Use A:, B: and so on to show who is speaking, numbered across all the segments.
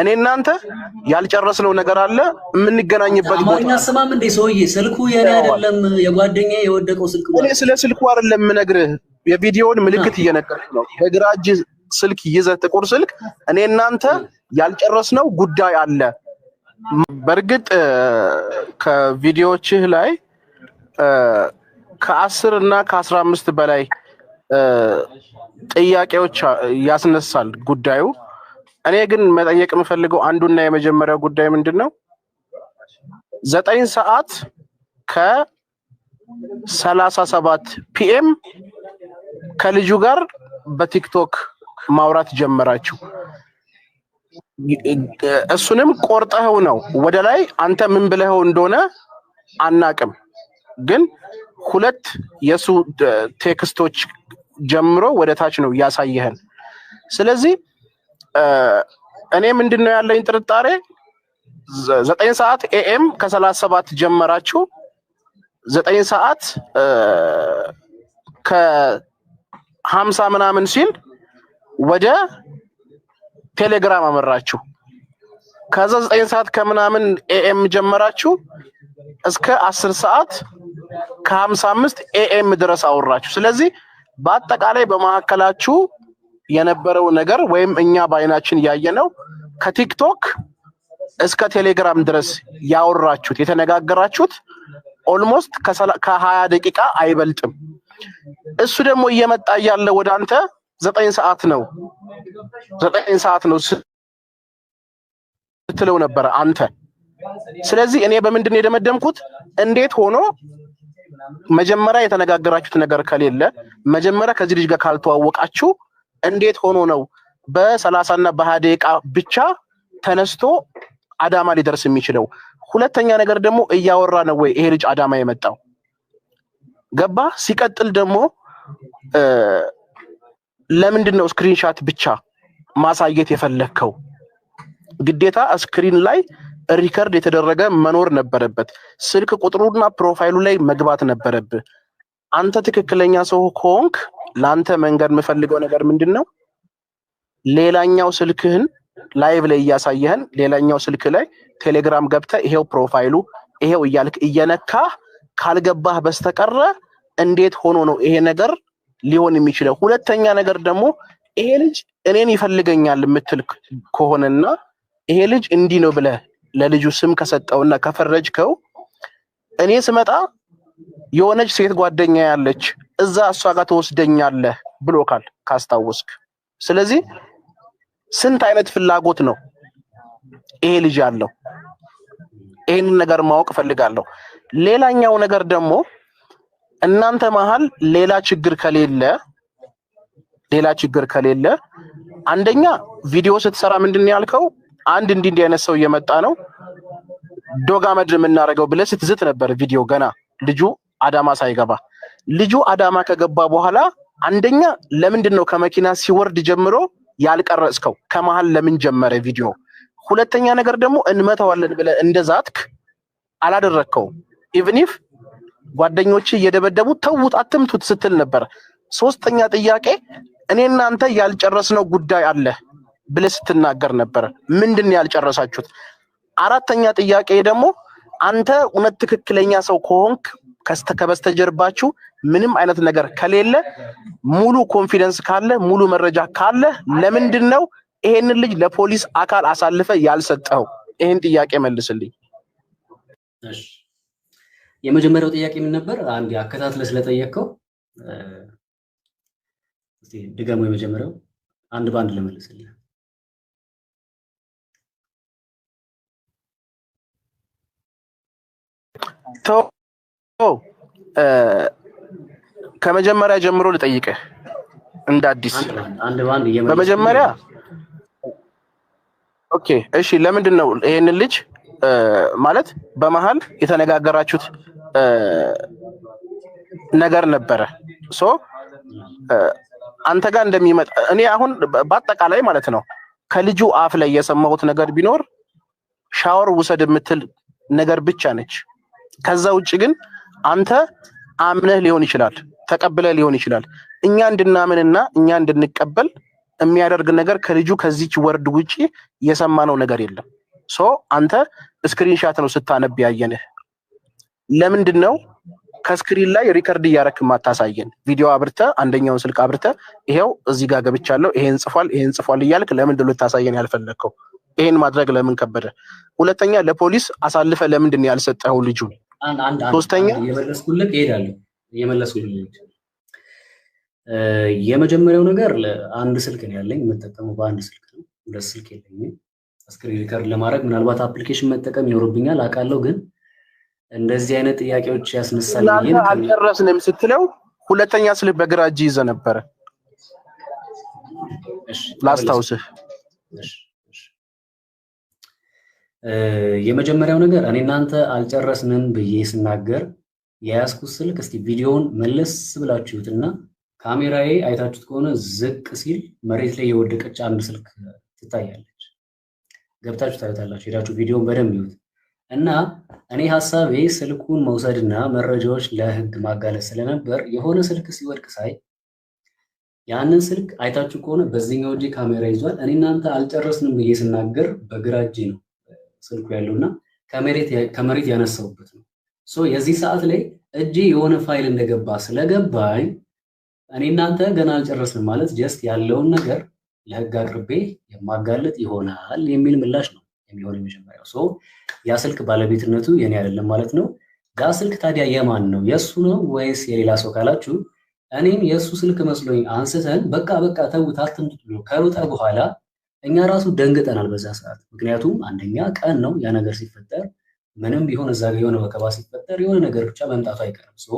A: እኔ እናንተ ያልጨረስነው ነገር አለ የምንገናኝበት
B: ቦታ። አማርኛ ስማም እንዴ ሰውዬ፣ ስልኩ የኔ አይደለም የጓደኛዬ የወደቀው ስልክ
A: ነው። እኔ ስለ ስልኩ አይደለም የምነግርህ፣ የቪዲዮውን ምልክት እየነገርኩ ነው። በግራ እጅ ስልክ ይዘህ ጥቁር ስልክ። እኔ እናንተ ያልጨረስነው ጉዳይ አለ። በእርግጥ ከቪዲዮዎችህ ላይ ከአስር እና ከአስራ አምስት በላይ ጥያቄዎች ያስነሳል ጉዳዩ እኔ ግን መጠየቅ የምፈልገው አንዱና የመጀመሪያው ጉዳይ ምንድን ነው? ዘጠኝ ሰዓት ከሰላሳ ሰባት ፒኤም ከልጁ ጋር በቲክቶክ ማውራት ጀመራችሁ። እሱንም ቆርጠኸው ነው ወደ ላይ አንተ ምን ብለኸው እንደሆነ አናቅም፣ ግን ሁለት የእሱ ቴክስቶች ጀምሮ ወደ ታች ነው እያሳየህን። ስለዚህ እኔ ምንድን ነው ያለኝ ጥርጣሬ ዘጠኝ ሰዓት ኤኤም ከሰላሳ ሰባት ጀመራችሁ ዘጠኝ ሰዓት ከሀምሳ ምናምን ሲል ወደ ቴሌግራም አመራችሁ። ከዛ ዘጠኝ ሰዓት ከምናምን ኤኤም ጀመራችሁ እስከ አስር ሰዓት ከሀምሳ አምስት ኤኤም ድረስ አወራችሁ። ስለዚህ በአጠቃላይ በመካከላችሁ የነበረው ነገር ወይም እኛ በአይናችን ያየነው ከቲክቶክ እስከ ቴሌግራም ድረስ ያወራችሁት የተነጋገራችሁት ኦልሞስት ከሀያ ደቂቃ አይበልጥም። እሱ ደግሞ እየመጣ እያለ ወደ አንተ ዘጠኝ ሰዓት ነው ዘጠኝ ሰዓት ነው ስትለው ነበረ አንተ። ስለዚህ እኔ በምንድን ነው የደመደምኩት? እንዴት ሆኖ መጀመሪያ የተነጋገራችሁት ነገር ከሌለ መጀመሪያ ከዚህ ልጅ ጋር ካልተዋወቃችሁ እንዴት ሆኖ ነው በሰላሳና በሀያ ብቻ ተነስቶ አዳማ ሊደርስ የሚችለው? ሁለተኛ ነገር ደግሞ እያወራ ነው ወይ ይሄ ልጅ አዳማ የመጣው ገባ? ሲቀጥል ደግሞ ለምንድን ነው ስክሪንሻት ብቻ ማሳየት የፈለግከው? ግዴታ ስክሪን ላይ ሪከርድ የተደረገ መኖር ነበረበት። ስልክ ቁጥሩና ፕሮፋይሉ ላይ መግባት ነበረብህ። አንተ ትክክለኛ ሰው ከሆንክ ለአንተ መንገድ የምፈልገው ነገር ምንድን ነው? ሌላኛው ስልክህን ላይቭ ላይ እያሳየህን፣ ሌላኛው ስልክ ላይ ቴሌግራም ገብተህ ይሄው ፕሮፋይሉ ይሄው እያልክ እየነካህ ካልገባህ በስተቀረ እንዴት ሆኖ ነው ይሄ ነገር ሊሆን የሚችለው? ሁለተኛ ነገር ደግሞ ይሄ ልጅ እኔን ይፈልገኛል የምትል ከሆነና ይሄ ልጅ እንዲህ ነው ብለህ ለልጁ ስም ከሰጠውና ከፈረጅከው እኔ ስመጣ የሆነች ሴት ጓደኛ ያለች እዛ እሷ ጋር ትወስደኛለህ ብሎካል ካስታወስክ። ስለዚህ ስንት አይነት ፍላጎት ነው ይሄ ልጅ አለው? ይሄንን ነገር ማወቅ እፈልጋለሁ። ሌላኛው ነገር ደግሞ እናንተ መሀል ሌላ ችግር ከሌለ ሌላ ችግር ከሌለ አንደኛ ቪዲዮ ስትሰራ ምንድን ነው ያልከው? አንድ እንዲህ እንዲህ አይነት ሰው እየመጣ ነው ዶጋ መድር የምናደርገው ብለህ ስትዝት ነበር ቪዲዮ ገና ልጁ አዳማ ሳይገባ ልጁ አዳማ ከገባ በኋላ አንደኛ ለምንድን ነው ከመኪና ሲወርድ ጀምሮ ያልቀረጽከው? ከመሀል ለምን ጀመረ ቪዲዮ? ሁለተኛ ነገር ደግሞ እንመታዋለን ብለ እንደዛትክ አላደረግከውም። ኢቭን ጓደኞች እየደበደቡ ተውት፣ አትምቱት ስትል ነበር። ሶስተኛ ጥያቄ እኔ እናንተ ያልጨረስነው ጉዳይ አለ ብለ ስትናገር ነበር። ምንድን ነው ያልጨረሳችሁት? አራተኛ ጥያቄ ደግሞ አንተ እውነት ትክክለኛ ሰው ከሆንክ ከበስተጀርባችሁ ምንም አይነት ነገር ከሌለ ሙሉ ኮንፊደንስ ካለ ሙሉ መረጃ ካለ ለምንድን ነው ይሄንን ልጅ ለፖሊስ አካል አሳልፈ ያልሰጠው? ይህን ጥያቄ መልስልኝ።
B: የመጀመሪያው ጥያቄ ምን ነበር? አንድ አከታትለ ስለጠየቅከው ድገሞ። የመጀመሪያው አንድ በአንድ ልመልስልህ።
A: ከመጀመሪያ ጀምሮ ልጠይቅህ እንደ አዲስ በመጀመሪያ ኦኬ፣ እሺ፣ ለምንድን ነው ይሄንን ልጅ ማለት በመሀል የተነጋገራችሁት ነገር ነበረ? ሶ አንተ ጋር እንደሚመጣ እኔ አሁን በአጠቃላይ ማለት ነው ከልጁ አፍ ላይ የሰማሁት ነገር ቢኖር ሻወር ውሰድ የምትል ነገር ብቻ ነች። ከዛ ውጭ ግን አንተ አምነህ ሊሆን ይችላል፣ ተቀብለህ ሊሆን ይችላል። እኛ እንድናምንና እኛ እንድንቀበል የሚያደርግ ነገር ከልጁ ከዚች ወርድ ውጪ የሰማነው ነገር የለም። ሶ አንተ ስክሪንሻት ነው ስታነብ ያየንህ። ለምንድን ነው ከስክሪን ላይ ሪከርድ እያረክ ማታሳየን? ቪዲዮ አብርተ አንደኛውን ስልክ አብርተ ይሄው እዚህ ጋር ገብቻለሁ፣ ይሄን ጽፏል፣ ይሄን ጽፏል እያልክ ለምንድን ልታሳየን ያልፈለግከው? ይሄን ማድረግ ለምን ከበደ? ሁለተኛ ለፖሊስ አሳልፈ ለምንድን ያልሰጠው ያልሰጠኸው ልጁን? ሶስተኛ
B: የመለስኩልህ እሄዳለሁ የመለስኩልህ። የመጀመሪያው ነገር አንድ ስልክ ነው ያለኝ፣ የምጠቀመው በአንድ ስልክ ነው፣ ሁለት ስልክ የለኝም። ሪከርድ ለማድረግ ምናልባት አፕሊኬሽን መጠቀም ይኖርብኛል አውቃለሁ፣ ግን እንደዚህ አይነት ጥያቄዎች ያስነሳል።
A: አልጨረስንም ስትለው ሁለተኛ ስልክ በግራ እጅ ይዘህ ነበረ ላስታውስህ።
B: የመጀመሪያው ነገር እኔ እናንተ አልጨረስንም ብዬ ስናገር የያዝኩት ስልክ እስቲ ቪዲዮውን መለስ ብላችሁትና ካሜራዬ አይታችሁት ከሆነ ዝቅ ሲል መሬት ላይ የወደቀች አንድ ስልክ ትታያለች። ገብታችሁ ታዩታላችሁ። ሄዳችሁ ቪዲዮውን በደንብ ይዩት እና እኔ ሀሳቤ ስልኩን መውሰድና መረጃዎች ለህግ ማጋለጥ ስለነበር የሆነ ስልክ ሲወድቅ ሳይ ያንን ስልክ አይታችሁ ከሆነ በዚህኛው እጄ ካሜራ ይዟል። እኔ እናንተ አልጨረስንም ብዬ ስናገር በግራ እጄ ነው ስልኩ ያለው እና ከመሬት ያነሳውበት ነው። የዚህ ሰዓት ላይ እጅ የሆነ ፋይል እንደገባ ስለገባኝ እኔ እናንተ ገና አልጨረስንም ማለት ጀስት ያለውን ነገር ለህግ አቅርቤ የማጋለጥ ይሆናል የሚል ምላሽ ነው የሚሆን የመጀመሪያው ያ ስልክ ባለቤትነቱ የኔ አይደለም ማለት ነው። ያ ስልክ ታዲያ የማን ነው? የእሱ ነው ወይስ የሌላ ሰው ካላችሁ እኔም የእሱ ስልክ መስሎኝ አንስተን በቃ በቃ ተውት አትምጡት ብሎ ከሩጠ በኋላ እኛ ራሱ ደንግጠናል በዛ ሰዓት። ምክንያቱም አንደኛ ቀን ነው ያ ነገር ሲፈጠር ምንም ቢሆን እዛ ጋር የሆነ ወከባ ሲፈጠር የሆነ ነገር ብቻ መምጣቱ አይቀርም። ሶ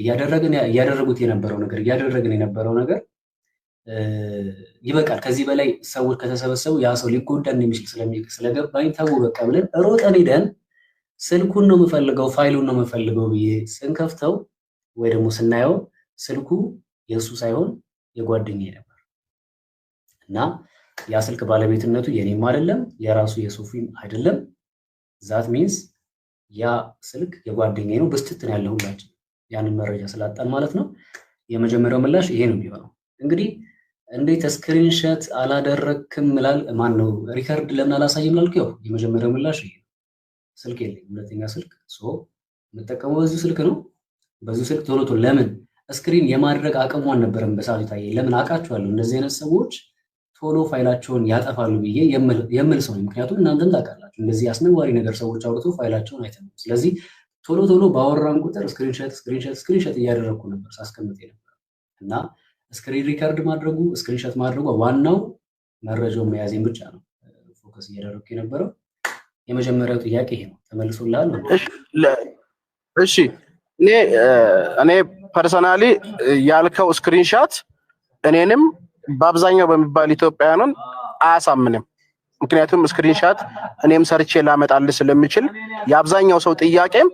B: እያደረጉት የነበረው ነገር እያደረግን የነበረው ነገር ይበቃል፣ ከዚህ በላይ ሰዎች ከተሰበሰቡ ያ ሰው ሊጎዳን የሚችል ስለገባኝ ተው በቃ ብለን ሮጠን ሄደን ስልኩን ነው የምፈልገው ፋይሉን ነው የምፈልገው ብዬ ስንከፍተው ወይ ደግሞ ስናየው ስልኩ የእሱ ሳይሆን የጓደኛ ነበር እና ያ ስልክ ባለቤትነቱ የኔም አይደለም የራሱ የሶፊም አይደለም። ዛት ሚንስ ያ ስልክ የጓደኛዬ ነው። በስትትን ያለ ሁላችን ያንን መረጃ ስላጣን ማለት ነው። የመጀመሪያው ምላሽ ይሄ ነው የሚሆነው። እንግዲህ እንዴት ስክሪንሸት አላደረግክም ላል ማን ነው ሪከርድ ለምን አላሳይም ላልክ፣ ያው የመጀመሪያው ምላሽ ይሄ ነው። ስልክ የለኝም ሁለተኛ ስልክ የምጠቀመው በዚሁ ስልክ ነው። በዚሁ ስልክ ቶሎቶ ለምን ስክሪን የማድረግ አቅሟን ነበረን በሳሉ ታየ ለምን አውቃችኋለሁ እንደዚህ አይነት ሰዎች ቶሎ ፋይላቸውን ያጠፋሉ ብዬ የምል ሰው ምክንያቱም እናንተም ታውቃላችሁ እንደዚህ አስነዋሪ ነገር ሰዎች አውርቶ ፋይላቸውን አይተንም። ስለዚህ ቶሎ ቶሎ ባወራን ቁጥር ስክሪንሸት ስክሪንሸት ስክሪንሸት እያደረግኩ ነበር ሳስቀምጥ ነበር እና ስክሪን ሪከርድ ማድረጉ ስክሪንሸት ማድረጉ ዋናው መረጃውን መያዜን ብቻ ነው ፎከስ እያደረግኩ የነበረው። የመጀመሪያው ጥያቄ ይሄ ነው። ተመልሶልሃል እሺ እኔ እኔ ፐርሰናሊ ያልከው ስክሪንሻት እኔንም በአብዛኛው በሚባል ኢትዮጵያውያንን አያሳምንም። ምክንያቱም ስክሪንሻት እኔም ሰርቼ ላመጣል ስለምችል የአብዛኛው ሰው ጥያቄም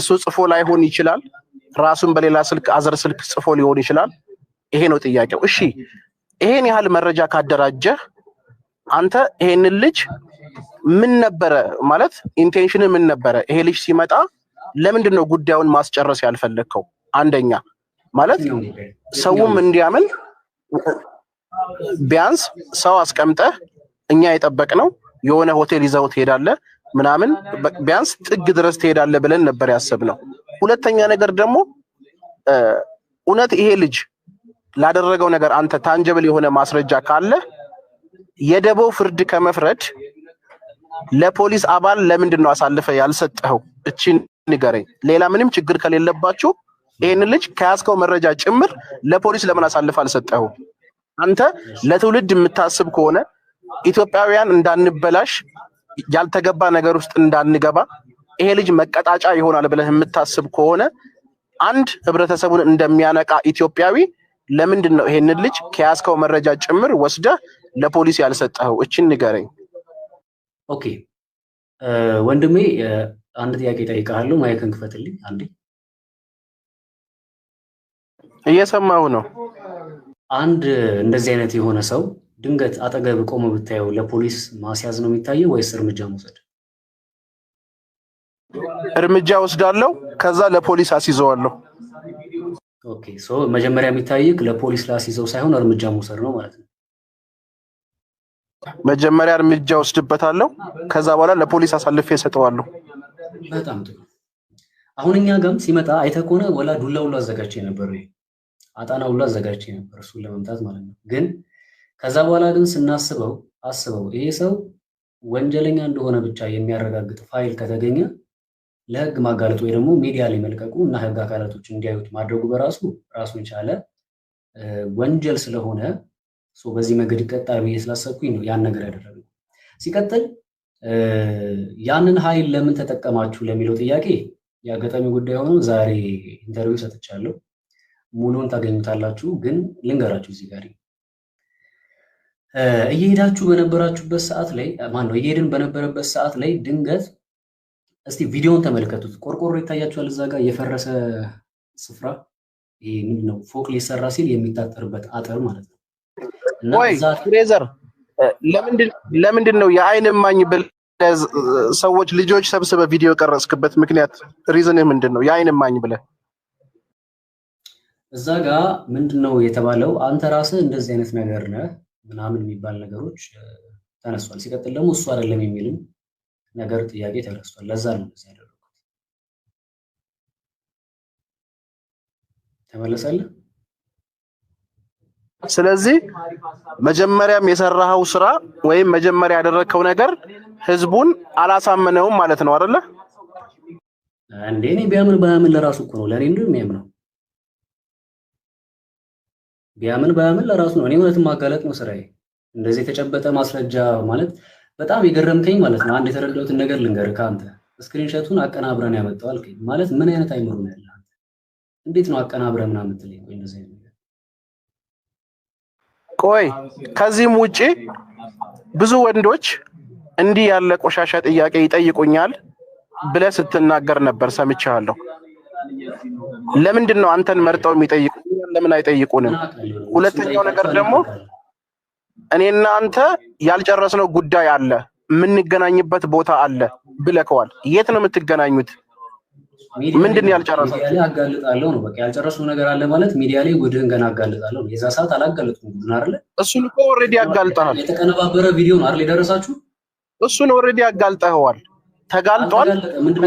B: እሱ ጽፎ ላይሆን ይችላል። ራሱን በሌላ ስልክ አዘር ስልክ ጽፎ ሊሆን ይችላል። ይሄ ነው ጥያቄው። እሺ ይሄን ያህል መረጃ ካደራጀህ አንተ ይሄንን ልጅ ምን ነበረ ማለት ኢንቴንሽን ምን ነበረ? ይሄ ልጅ ሲመጣ ለምንድን ነው ጉዳዩን ማስጨረስ ያልፈለግከው? አንደኛ ማለት ሰውም እንዲያምን ቢያንስ ሰው አስቀምጠህ እኛ የጠበቅነው የሆነ ሆቴል ይዘው ትሄዳለህ ምናምን ቢያንስ ጥግ ድረስ ትሄዳለህ ብለን ነበር ያሰብነው። ሁለተኛ ነገር ደግሞ እውነት ይሄ ልጅ ላደረገው ነገር አንተ ታንጀብል የሆነ ማስረጃ ካለ የደቦ ፍርድ ከመፍረድ ለፖሊስ አባል ለምንድን ነው አሳልፈ ያልሰጠኸው? እቺን ንገረኝ። ሌላ ምንም ችግር ከሌለባችሁ ይህን ልጅ ከያዝከው መረጃ ጭምር ለፖሊስ ለምን አሳልፈ አልሰጠኸው? አንተ ለትውልድ የምታስብ ከሆነ ኢትዮጵያውያን እንዳንበላሽ ያልተገባ ነገር ውስጥ እንዳንገባ ይሄ ልጅ መቀጣጫ ይሆናል ብለህ የምታስብ ከሆነ አንድ ህብረተሰቡን እንደሚያነቃ ኢትዮጵያዊ ለምንድን ነው ይሄንን ልጅ ከያዝከው መረጃ ጭምር ወስደህ ለፖሊስ ያልሰጠኸው? እችን ንገረኝ። ኦኬ ወንድሜ፣ አንድ ጥያቄ ጠይቃለሁ። ማይክን ክፈትልኝ አንዴ። እየሰማሁ ነው። አንድ እንደዚህ አይነት የሆነ ሰው ድንገት አጠገብ ቆሞ ብታየው ለፖሊስ ማስያዝ ነው የሚታየው ወይስ እርምጃ መውሰድ? እርምጃ ወስዳለው፣ ከዛ ለፖሊስ አስይዘዋለሁ። ኦኬ ሶ መጀመሪያ የሚታይክ ለፖሊስ ላስይዘው ሳይሆን እርምጃ መውሰድ ነው ማለት ነው። መጀመሪያ እርምጃ ወስድበታለሁ፣ ከዛ በኋላ ለፖሊስ አሳልፌ እሰጠዋለሁ። በጣም ጥሩ። አሁን እኛ ጋም ሲመጣ አይተህ ከሆነ ወላ ዱላ ሁሉ አዘጋጅቼ ነበር። አጣና ሁሉ አዘጋጅቼ ነበር እሱን ለመምታት ማለት ነው። ግን ከዛ በኋላ ግን ስናስበው አስበው ይሄ ሰው ወንጀለኛ እንደሆነ ብቻ የሚያረጋግጥ ፋይል ከተገኘ ለህግ ማጋለጥ ወይ ደግሞ ሚዲያ ላይ መልቀቁ እና ህግ አካላቶች እንዲያዩት ማድረጉ በራሱ ራሱን የቻለ ወንጀል ስለሆነ በዚህ መንገድ ይቀጣል ብዬ ስላሰብኩኝ ነው ያን ነገር ያደረገ። ሲቀጥል ያንን ኃይል ለምን ተጠቀማችሁ ለሚለው ጥያቄ የአጋጣሚ ጉዳይ ሆኖ ዛሬ ኢንተርቪው ሰጥቻለሁ። ሙሉን ታገኙታላችሁ። ግን ልንገራችሁ እዚህ ጋር እየሄዳችሁ በነበራችሁበት ሰዓት ላይ ማነው እየሄድን በነበረበት ሰዓት ላይ ድንገት እስቲ ቪዲዮውን ተመልከቱት። ቆርቆሮ ይታያችኋል እዛ ጋር የፈረሰ ስፍራ ይሄ ፎቅ ሊሰራ ሲል የሚታጠርበት አጥር ማለት ነው። እና ፍሬዘር ለምንድን ነው የአይን እማኝ ብለህ ሰዎች ልጆች ሰብስበ ቪዲዮ ቀረጽክበት ምክንያት ሪዝንህ ምንድን ነው? የአይን እማኝ ብለህ እዛ ጋ ምንድነው የተባለው? አንተ ራስህ እንደዚህ አይነት ነገር ነህ ምናምን የሚባል ነገሮች ተነስቷል። ሲቀጥል ደግሞ እሱ አይደለም የሚልም ነገር ጥያቄ ተነስቷል። ለዛ ነው እንደዚህ ያደረጉት። ተመለሰልህ። ስለዚህ መጀመሪያም የሰራኸው ስራ ወይም መጀመሪያ ያደረግከው ነገር ህዝቡን አላሳመነውም ማለት ነው አይደለ እንዴ? እኔ ቢያምን ባያምን ለራሱ እኮ ነው ለእኔ እንዲሁ የሚያምነው ቢያምን ባያምን ለራሱ ነው። እኔ እውነትን ማጋለጥ ነው ስራዬ። እንደዚህ የተጨበጠ ማስረጃ ማለት በጣም የገረምከኝ ማለት ነው። አንድ የተረዳሁትን ነገር ልንገር ከአንተ ስክሪንሸቱን አቀናብረን ያመጣው አልከኝ ማለት ምን አይነት አይምሮ ነው ያለ? እንዴት ነው አቀናብረ ምናምን ትለኝ? ወይ እንደዚህ ነገር ቆይ። ከዚህም ውጪ ብዙ ወንዶች እንዲህ ያለ ቆሻሻ ጥያቄ ይጠይቁኛል ብለህ ስትናገር ነበር ሰምቻለሁ። ለምንድን ነው አንተን መርጠው የሚጠይቁ? ለምን አይጠይቁንም? ሁለተኛው ነገር ደግሞ እኔና አንተ ያልጨረስነው ጉዳይ አለ፣ የምንገናኝበት ቦታ አለ ብለከዋል። የት ነው የምትገናኙት? ምንድን ነው ያልጨረሰው? አጋልጣለሁ ነው በቃ ያልጨረሱ ነገር አለ ማለት ሚዲያ ላይ ጉድህን ገና አጋልጣለሁ ነው። የዛ ሰዓት አላጋለጥኩም ጉድህን አይደለ? እሱን እኮ ኦልሬዲ አጋልጠሃል። የተቀነባበረ ቪዲዮ ነው አይደል? የደረሳችሁ እሱን ኦልሬዲ አጋልጠኸዋል። ተጋልጧል።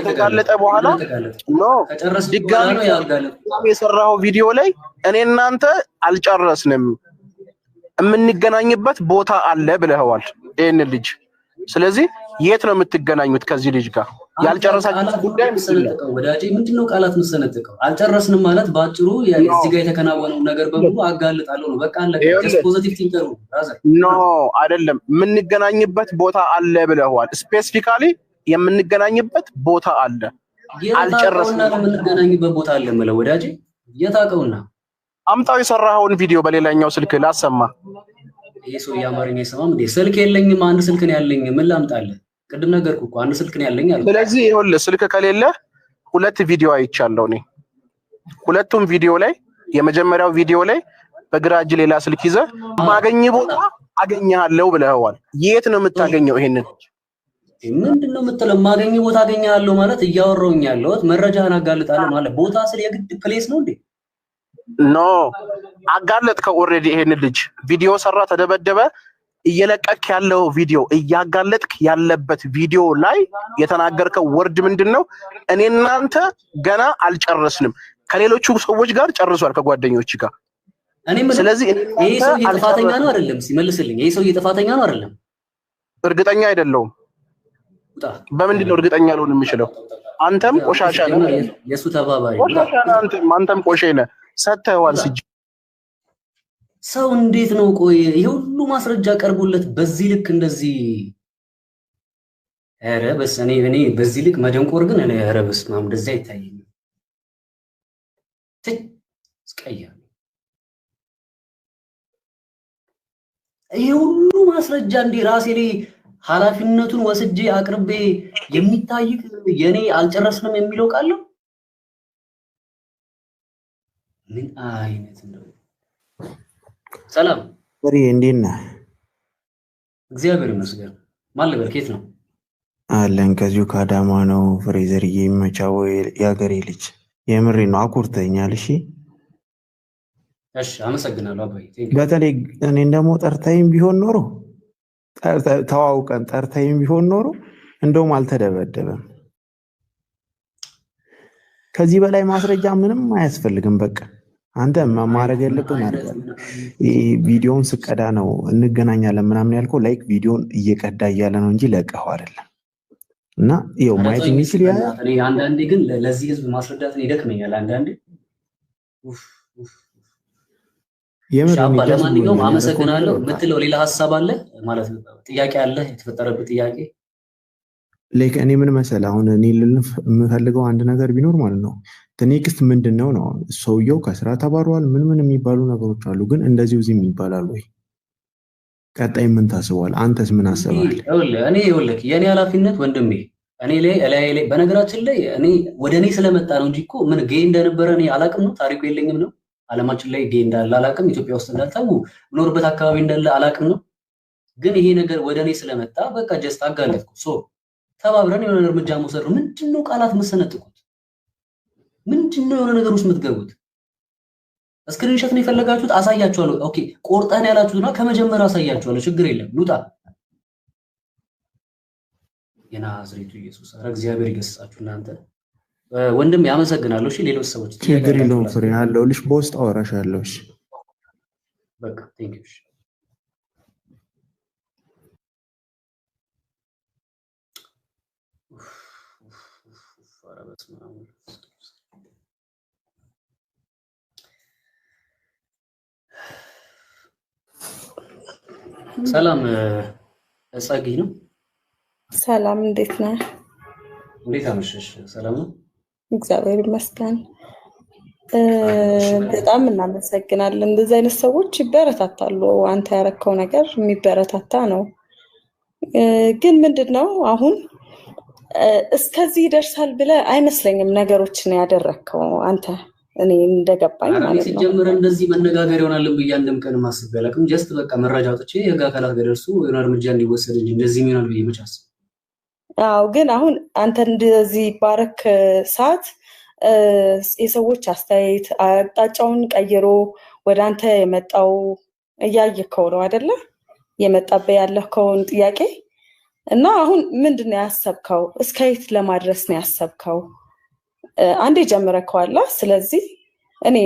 B: ከተጋለጠ በኋላ ኖ ድጋሚ የሰራው ቪዲዮ ላይ እኔ እናንተ አልጨረስንም የምንገናኝበት ቦታ አለ ብለኸዋል ይህን ልጅ። ስለዚህ የት ነው የምትገናኙት ከዚህ ልጅ ጋር? ያልጨረሳችሁት ጉዳይ ወዳጄ፣ ምንድነው ቃላት መሰነጥቀው? አልጨረስንም ማለት በአጭሩ እዚህ ጋር የተከናወነው ነገር በሙሉ አጋልጣለሁ ነው በቃ አለ። ፖዚቲቭ ቲንከሩ ኖ አይደለም፣ የምንገናኝበት ቦታ አለ ብለዋል ስፔሲፊካሊ የምንገናኝበት ቦታ አለ። አልጨረስንም። የምንገናኝበት ቦታ አለ የምለው ወዳጄ የታቀውና አምጣው የሰራኸውን ቪዲዮ በሌላኛው ስልክ ላሰማ። ይሄ ሰው የአማርኛ አይሰማም እንዴ? ስልክ የለኝም፣ አንድ ስልክ ነው ያለኝ። ምን ላምጣልህ? ቅድም ነገርኩ እኮ አንድ ስልክ ነው ያለኝ አለ። ስለዚህ ይኸውልህ ስልክ ከሌለ ሁለት ቪዲዮ አይቻለሁ እኔ። ሁለቱም ቪዲዮ ላይ የመጀመሪያው ቪዲዮ ላይ በግራ እጅ ሌላ ስልክ ይዘህ ማገኝ ቦታ አገኘሃለሁ ብለኸዋል። የት ነው የምታገኘው ይሄንን ምንድን ነው የምትለው? የማገኘው ቦታ አገኛለሁ ማለት እያወራሁኝ ያለሁት መረጃህን አጋልጣለሁ ማለት ቦታ ስል የግድ ፕሌስ ነው እንዴ? ኖ አጋለጥከው። ኦልሬዲ ይሄን ልጅ ቪዲዮ ሰራ፣ ተደበደበ። እየለቀክ ያለው ቪዲዮ እያጋለጥክ ያለበት ቪዲዮ ላይ የተናገርከው ወርድ ምንድን ነው? እኔ እናንተ ገና አልጨረስንም። ከሌሎቹ ሰዎች ጋር ጨርሷል፣ ከጓደኞች ጋር። ስለዚህ ይሄ ሰው ጥፋተኛ ነው አይደለም? ሲመልስልኝ ይሄ ሰው ጥፋተኛ ነው አይደለም? እርግጠኛ አይደለውም። በምንድን ነው እርግጠኛ ልሆን የምችለው? አንተም ቆሻሻ ነህ፣ የእሱ ተባባሪ ቆሻሻ ነህ። አንተም አንተም ቆሼ ነህ። ሰጥተኸዋል። ስጅ ሰው እንዴት ነው ቆይ የሁሉ ማስረጃ ቀርቦለት በዚህ ልክ እንደዚህ ኧረ በስመ አብ እኔ በዚህ ልክ መደንቆር ግን እኔ ኧረ በስመ አብ እንደዚህ አይታየኝም። ትች እስቀያለሁ። ይሄ ሁሉ ማስረጃ እንዲህ ራሴ ላይ ኃላፊነቱን ወስጄ አቅርቤ የሚታይ የኔ አልጨረስንም የሚለው ቃል ነው። ምን አይነት ነው? ሰላም ሪ እንዴት ነህ? እግዚአብሔር ይመስገን። ማን ልበል? ነው አለን? ከዚሁ ከአዳማ ነው። ፍሬዘርዬ ይመቻው የአገሬ ልጅ። የምሬ ነው። አኩርተኛል። እሺ እሺ፣ አመሰግናለሁ አባዬ። በተለይ እኔን ደግሞ ጠርታይም ቢሆን ኖሮ ተዋውቀን ጠርተይም ቢሆን ኖሮ እንደውም አልተደበደበም። ከዚህ በላይ ማስረጃ ምንም አያስፈልግም። በቃ አንተ ማድረግ ያለብን አድርጋለህ። ቪዲዮውን ስቀዳ ነው እንገናኛለን ምናምን ያልከው ላይክ ቪዲዮን እየቀዳ እያለ ነው እንጂ ለቀው አይደለም። እና ይኸው ማየት የሚችል ያ አንዳንዴ ግን ለዚህ ህዝብ ማስረዳትን ይደክመኛል አንዳንዴ ለማንኛውም አመሰግናለሁ። የምትለው ሌላ ሀሳብ አለ ማለት ነው? ጥያቄ አለ? የተፈጠረበት ጥያቄ ላይክ እኔ ምን መሰለህ፣ አሁን እኔ የምፈልገው አንድ ነገር ቢኖር ማለት ነው ትኔክስት ምንድን ነው ነው ሰውየው ከስራ ተባሯል፣ ምን ምን የሚባሉ ነገሮች አሉ። ግን እንደዚህ ዚህም ይባላል ወይ? ቀጣይ ምን ታስበዋል አንተስ ምን አስባል? እኔ ይኸውልህ፣ የእኔ ኃላፊነት ወንድሜ እኔ ላይ ላይ በነገራችን ላይ እኔ ወደ እኔ ስለመጣ ነው እንጂ እኮ ምን ጌ እንደነበረ እኔ አላቅም ነው ታሪኩ የለኝም ነው አለማችን ላይ ዴ እንዳለ አላቅም፣ ኢትዮጵያ ውስጥ እንዳልታው ምኖርበት አካባቢ እንዳለ አላቅም ነው። ግን ይሄ ነገር ወደ እኔ ስለመጣ በቃ ጀስት አጋለጥኩ። ሶ ተባብረን የሆነ እርምጃ መውሰድ ነው። ምንድነው ቃላት መሰነጥቁት? ምንድነው የሆነ ነገር ውስጥ የምትገቡት? ስክሪንሾት ነው የፈለጋችሁት? አሳያችኋለሁ። ኦኬ ቆርጠን ያላችሁትና ከመጀመሪያው አሳያችኋለሁ። ችግር የለም ሉጣ የናዝሬቱ ኢየሱስ ኧረ እግዚአብሔር ይገስጻችሁ እናንተ ወንድም ያመሰግናለሁ። እሺ ሌሎች ሰዎች ችግር የለውም። ፍሬ አለሁልሽ፣ በውስጥ አወራሻለሁ። እሺ በቃ ቴንክ ዩ። ሰላም ጸጊ ነው። ሰላም እንዴት ነህ? እንዴት አመሸሽ? ሰላም ነው እግዚአብሔር ይመስገን። በጣም እናመሰግናለን። እንደዚህ አይነት ሰዎች ይበረታታሉ። አንተ ያረከው ነገር የሚበረታታ ነው። ግን ምንድን ነው አሁን እስከዚህ ይደርሳል ብለህ አይመስለኝም ነገሮችን ያደረግከው አንተ። እኔ እንደገባኝ ማለት ነው ሲጀምር እንደዚህ መነጋገር ይሆናል ብዬ አንድም ቀን ማስብ ያላቅም። ጀስት በቃ መረጃ አውጥቼ የህግ አካላት ገደርሱ የሆነ እርምጃ እንዲወሰድ እንጂ እንደዚህ ይሆናል ብዬ መቻስብ አዎ ግን አሁን አንተ እንደዚህ ባረክ ሰዓት የሰዎች አስተያየት አቅጣጫውን ቀይሮ ወደ አንተ የመጣው እያየከው ነው አይደለ? የመጣበ ያለከውን ጥያቄ እና አሁን ምንድን ነው ያሰብከው? እስከ የት ለማድረስ ነው ያሰብከው? አንዴ ጀምረከዋላ። ስለዚህ እኔ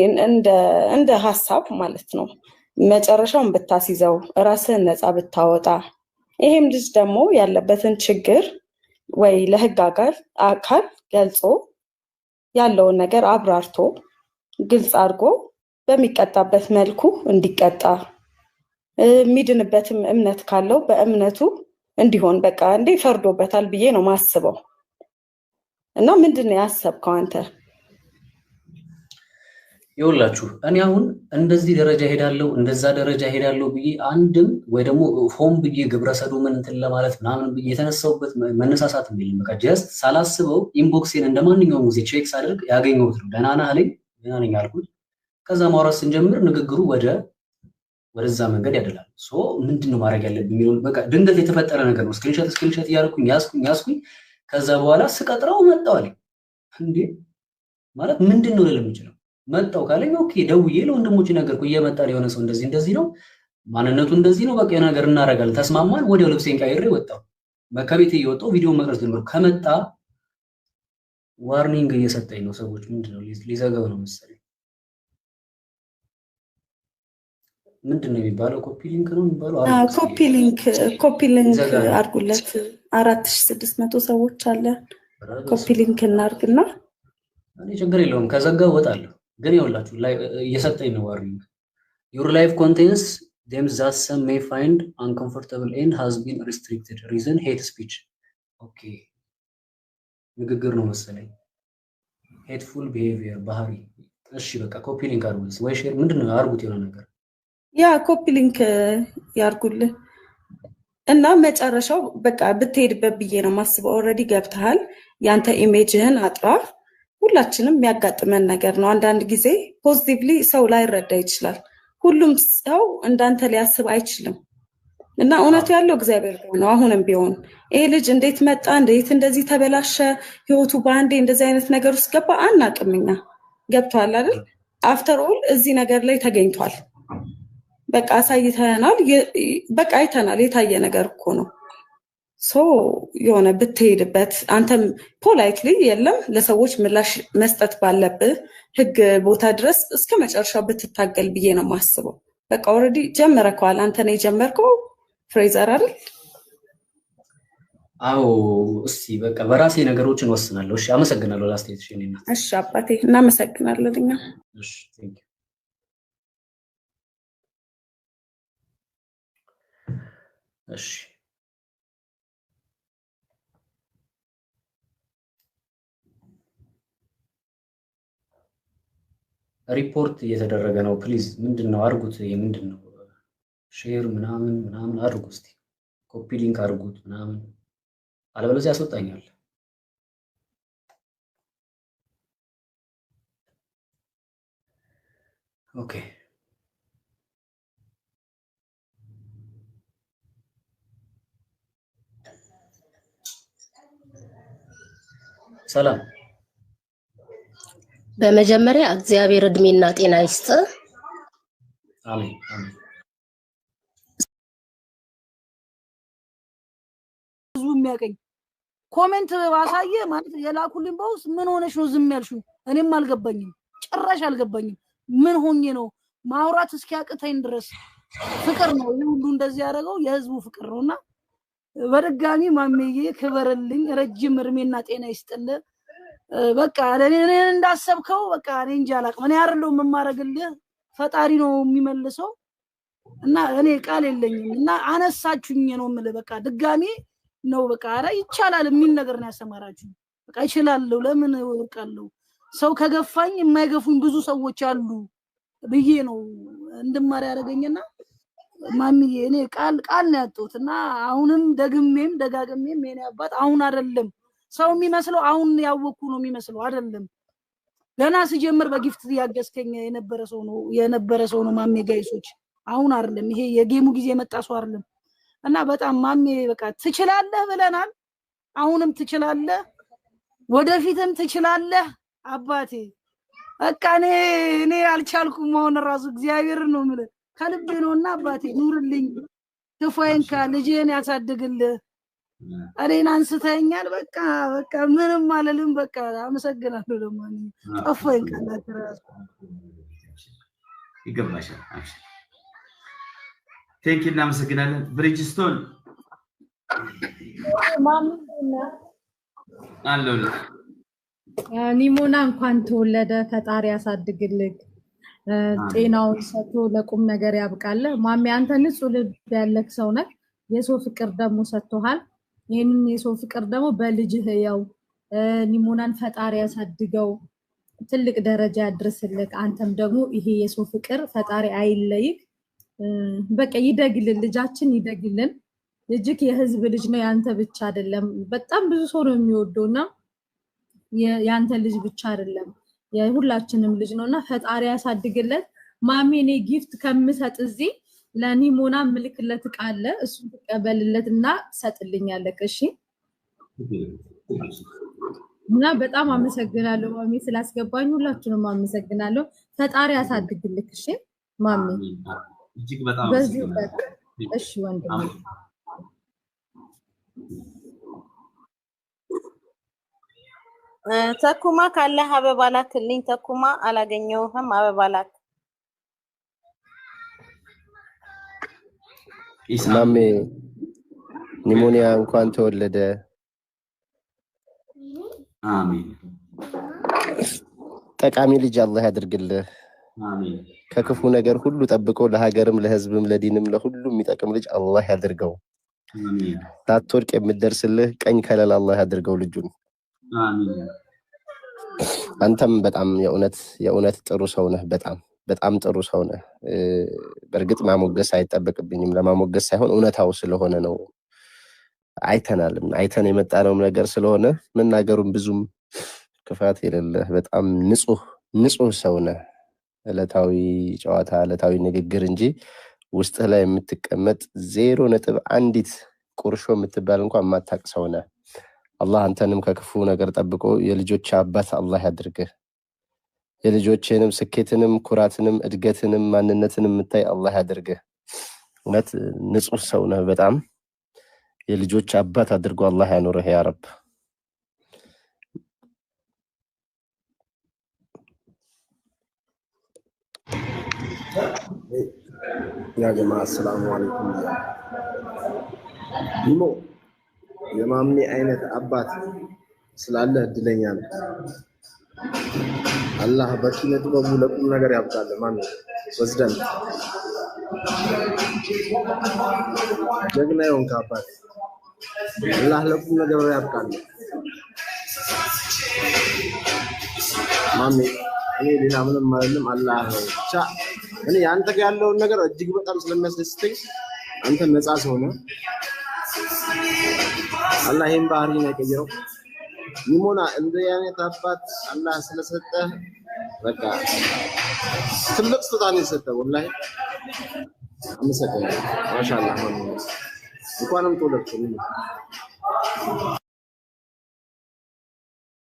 B: እንደ ሀሳብ ማለት ነው መጨረሻውን ብታስይዘው፣ ራስህን ነፃ ብታወጣ፣ ይሄም ልጅ ደግሞ ያለበትን ችግር ወይ ለህግ አገር አካል ገልጾ ያለውን ነገር አብራርቶ ግልጽ አድርጎ በሚቀጣበት መልኩ እንዲቀጣ የሚድንበትም እምነት ካለው በእምነቱ እንዲሆን በቃ እንዴ ፈርዶበታል ብዬ ነው ማስበው። እና ምንድን ነው ያሰብከው አንተ? ይወላችሁ እኔ አሁን እንደዚህ ደረጃ ሄዳለሁ እንደዛ ደረጃ ሄዳለሁ ብዬ አንድም ወይ ደግሞ ሆም ብዬ ግብረሰዶምን እንትን ለማለት ምናምን ብዬ የተነሳውበት መነሳሳት የለም። በቃ ጀስት ሳላስበው ኢንቦክሴን እንደ ማንኛውም ጊዜ ቼክ ሳደርግ ያገኘሁት ነው። ደህና ነህ አለኝ። ደህና ነኝ አልኩት። ከዛ ማውራት ስንጀምር ንግግሩ ወደ ወደዛ መንገድ ያደላል። ሶ ምንድን ነው ማድረግ ያለብኝ የሚሆን በቃ ድንገት የተፈጠረ ነገር ነው። ስክሪንሸት ስክሪንሸት እያልኩኝ ያስኩኝ ያስኩኝ። ከዛ በኋላ ስቀጥረው መጣዋል። እንዴ ማለት ምንድን ነው ልል የምችለው መጣው ካለኝ ኦኬ ደውዬ ለወንድሞች ነገርኩ። እየመጣ የሆነ ሰው እንደዚህ እንደዚህ ነው ማንነቱ እንደዚህ ነው፣ በቃ ነገር እናደርጋለን ተስማማን። ወዲያው ልብሴን ቀይሬ ወጣሁ። ከቤት እየወጣሁ ቪዲዮን መቅረጽ ጀመርኩ። ከመጣ ዋርኒንግ እየሰጠኝ ነው። ሰዎች ምንድነው ሊዘጋው ነው መሰለኝ። ምንድን ነው የሚባለው? ኮፒ ሊንክ ነው የሚባለው። ኮፒ ሊንክ ኮፒ ሊንክ አድርጉለት። አራት ሺህ ስድስት መቶ ሰዎች አለ። ኮፒ ሊንክ እናድርግና እኔ ችግር የለውም ከዘጋ እወጣለሁ። ግን ይኸውላችሁ እየሰጠኝ ነው ዋርኒንግ ዩር ላይፍ ኮንቴንስ ም ዛት ሰም ሜይ ፋይንድ አንኮምፎርታብል ኤንድ ሃዝ ቢን ሪስትሪክትድ ሪዝን ሄት ስፒች ኦኬ ንግግር ነው መሰለኝ ሄትፉል ቢሄቪየር ባህሪ እሺ በቃ ኮፒ ሊንክ አርጉት ወይ ሼር ምንድን ነው አርጉት የሆነ ነገር ያ ኮፒ ሊንክ ያርጉልን እና መጨረሻው በቃ ብትሄድበት ብዬ ነው ማስበው ኦልሬዲ ገብተሃል ያንተ ኢሜጅህን አጥራ ሁላችንም የሚያጋጥመን ነገር ነው። አንዳንድ ጊዜ ፖዚቲቭሊ ሰው ላይረዳ ይችላል። ሁሉም ሰው እንዳንተ ሊያስብ አይችልም። እና እውነቱ ያለው እግዚአብሔር ነው። አሁንም ቢሆን ይሄ ልጅ እንዴት መጣ፣ እንዴት እንደዚህ ተበላሸ፣ ህይወቱ በአንዴ እንደዚህ አይነት ነገር ውስጥ ገባ አናቅም እኛ። ገብቷል አይደል? አፍተር ኦል እዚህ ነገር ላይ ተገኝቷል። በቃ አሳይተናል። በቃ አይተናል። የታየ ነገር እኮ ነው። የሆነ ብትሄድበት አንተም ፖላይትሊ የለም ለሰዎች ምላሽ መስጠት ባለብህ ህግ ቦታ ድረስ እስከ መጨረሻው ብትታገል ብዬ ነው የማስበው። በቃ ኦልሬዲ ጀመረከዋል አንተ ነው የጀመርከው ፍሬዘር አይደል? አዎ። እስቲ በቃ በራሴ ነገሮችን ወስናለሁ። እሺ፣ አመሰግናለሁ ለአስተያየትሽ። እሺ አባቴ፣ እናመሰግናለን እኛ እሺ ሪፖርት እየተደረገ ነው። ፕሊዝ ምንድን ነው አድርጉት። ምንድን ነው ሼር ምናምን ምናምን አድርጉ እስኪ ኮፒ ሊንክ አድርጉት ምናምን፣ አለበለዚያ ያስወጣኛል። ኦኬ ሰላም በመጀመሪያ እግዚአብሔር እድሜና ጤና ይስጥ። ህዝቡ የሚያቀኝ ኮሜንት ባሳየ ማለት የላኩልኝ በውስጥ ምን ሆነች ነው ዝም ያልሽው? እኔም አልገባኝም፣ ጭራሽ አልገባኝም። ምን ሆኜ ነው ማውራት እስኪያቅተኝ ድረስ ፍቅር ነው ይህ ሁሉ እንደዚህ ያደረገው የህዝቡ ፍቅር ነው። እና በድጋሚ ማሜዬ ክበርልኝ፣ ረጅም እድሜና ጤና ይስጥልን። በቃ ለኔ እንዳሰብከው በቃ እኔ እንጂ አላቅም። እኔ አይደለሁም የማደርግልህ ፈጣሪ ነው የሚመልሰው። እና እኔ ቃል የለኝም እና አነሳችሁኝ ነው የምልህ። በቃ ድጋሚ ነው በቃ ኧረ ይቻላል የሚል ነገር ነው ያሰማራችሁ። በቃ ይችላለሁ፣ ለምን ወርቃለሁ፣ ሰው ከገፋኝ የማይገፉኝ ብዙ ሰዎች አሉ ብዬ ነው እንድማር ያደረገኝና ማሚ እኔ ቃል ቃል ነው ያጡት እና አሁንም ደግሜም ደጋግሜም የኔ አባት አሁን አይደለም ሰው የሚመስለው አሁን ያወቅኩ ነው የሚመስለው አይደለም። ገና ስጀምር በጊፍት ያገዝከኝ የነበረ ሰው ነው የነበረ ሰው ነው ማሜ ጋይሶች፣ አሁን አይደለም ይሄ የጌሙ ጊዜ የመጣ ሰው አይደለም። እና በጣም ማሜ በቃ ትችላለህ ብለናል። አሁንም ትችላለህ፣ ወደፊትም ትችላለህ አባቴ። በቃ እኔ እኔ አልቻልኩም። መሆን ራሱ እግዚአብሔር ነው የምልህ ከልቤ ነው። እና አባቴ ኑርልኝ፣ ክፉ አይንካ፣ ያሳድግልህ እኔን አንስተኛል። በቃ በቃ ምንም አለልም። በቃ አመሰግናለሁ። ደሞ ጠፋኝ ቃላት ይገባሻል። ቴንኪ እናመሰግናለን። ብሪጅስቶን አለሁ። ኒሞና እንኳን ተወለደ። ፈጣሪ ያሳድግልግ ጤናውን ሰጥቶ ለቁም ነገር ያብቃለ። ማሚ አንተ ንጹህ ልብ ያለህ ሰው ነህ። የሰው ፍቅር ደግሞ ሰጥቶሃል። ይህንን የሰው ፍቅር ደግሞ በልጅህ ያው ኒሞናን ፈጣሪ ያሳድገው፣ ትልቅ ደረጃ ያድርስልክ። አንተም ደግሞ ይሄ የሰው ፍቅር ፈጣሪ አይለይክ፣ በቃ ይደግልን፣ ልጃችን ይደግልን። ልጅክ የህዝብ ልጅ ነው፣ ያንተ ብቻ አይደለም። በጣም ብዙ ሰው ነው የሚወደው እና ያንተ ልጅ ብቻ አይደለም፣ የሁላችንም ልጅ ነው እና ፈጣሪ ያሳድግለት። ማሜኔ እኔ ጊፍት ከምሰጥ እዚህ ለኒሞና ምልክለት ቃለ እሱ እሱን ትቀበልለት እና ትሰጥልኛለህ። እሺ እና በጣም አመሰግናለሁ ማሚ ስላስገባኝ፣ ሁላችሁንም አመሰግናለሁ። ፈጣሪ ያሳድግልክ። እሺ ማሚ በዚህ እሺ ወንድሜ ተኩማ ካለህ አበባ ላክልኝ። ተኩማ አላገኘውህም። አበባ ላክ ማሜ ኒሞኒያ እንኳን ተወለደ። አሜን። ጠቃሚ ልጅ አላህ ያድርግልህ። ከክፉ ነገር ሁሉ ጠብቆ ለሀገርም፣ ለህዝብም፣ ለዲንም ለሁሉ የሚጠቅም ልጅ አላህ ያድርገው። ላትወድቅ የምትደርስልህ ቀኝ ከለል አላህ ያድርገው ልጁን። አንተም በጣም የእውነት የእውነት ጥሩ ሰው ነህ በጣም በጣም ጥሩ ሰው ነህ። በእርግጥ ማሞገስ አይጠበቅብኝም። ለማሞገስ ሳይሆን እውነታው ስለሆነ ነው። አይተናልም አይተን የመጣነውም ነገር ስለሆነ መናገሩም ብዙም ክፋት የሌለህ በጣም ንጹህ ንጹህ ሰው ነህ። ዕለታዊ ጨዋታ፣ ዕለታዊ ንግግር እንጂ ውስጥህ ላይ የምትቀመጥ ዜሮ ነጥብ አንዲት ቁርሾ የምትባል እንኳን የማታቅ ሰው ነህ። አላህ አንተንም ከክፉ ነገር ጠብቆ የልጆች አባት አላህ ያድርግህ። የልጆችንም ስኬትንም ኩራትንም እድገትንም ማንነትን የምታይ አላህ ያደርግህ። እውነት ንጹህ ሰው ነህ። በጣም የልጆች አባት አድርጎ አላህ ያኑርህ ያረብ። ያ ጀማ አሰላሙ አለይኩም። ይሞ የማምኔ አይነት አባት ስላለ እድለኛ ነው። አላህ በኪነ ጥበቡ ለቁም ነገር ያብቃል። ማን ወስደን ጀግና ይሆን አባት አላህ ለቁም ነገር ያብቃል። ማሜ እኔ ሌላ ምንም አይደለም። አላህ ነው ብቻ። እኔ አንተ ጋር ያለውን ነገር እጅግ በጣም ስለሚያስደስተኝ አንተ ነፃ ሰው ነህ። አላህ ይህን ባህሪን አይቀይረው። ይሞና እንደዚህ አይነት አባት አላህ ስለሰጠ በቃ ትልቅ ስጦታ ነው የሰጠው። ወላሂ አመሰግናለሁ። ማሻአላህ እንኳንም ተወለድኩ።